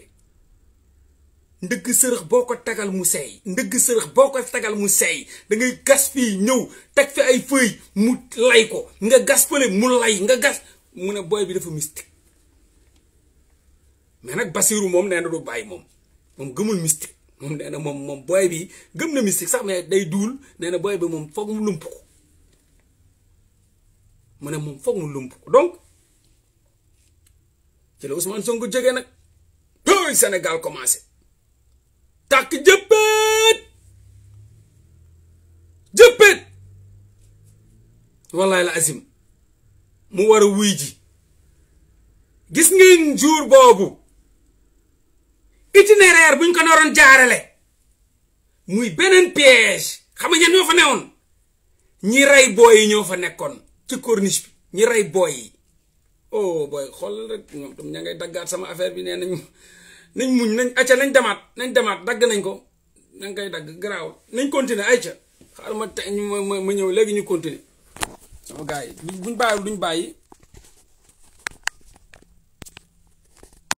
ndëgg sërëx boko tagal tegal mu sey ndëgg sërëx boko tagal tegal mu sey da ngay gas fi ñëw tek fi ay feuy mu lay ko nga gas pele mu lay nga gas mu ne boy bi dafa mystique mais nak Basiru mom neena mom du bay mom mom gëmul mystique mom neena mom mom boy bi gëm na mystique sax mais day dul neena boy bi mom fogg mu lump ko mu ne mom fogg mu lump ko donc ci la Ousmane Sonko nak tak jëppët jepit wallahi la azim mu war wuyji gis ngeen jour bobu itinéraire buñ ko noron jaarale muy benen piège xam nga ñoo fa neewon ñi ray boy yi ñoo fa nekkon ci corniche bi ñi ray boy yi oh boy xol rek ñom tam ña daggaat sama affaire bi neenañu nañ muñ nañ acca nañ demaat nañ demaat dagg nañ ko nañ koy dagg garaawul nañ continuer acca xaaral ma te ma ñëw léegi ñu continuer sama gars yi buñ bàyyiwul duñ bàyyi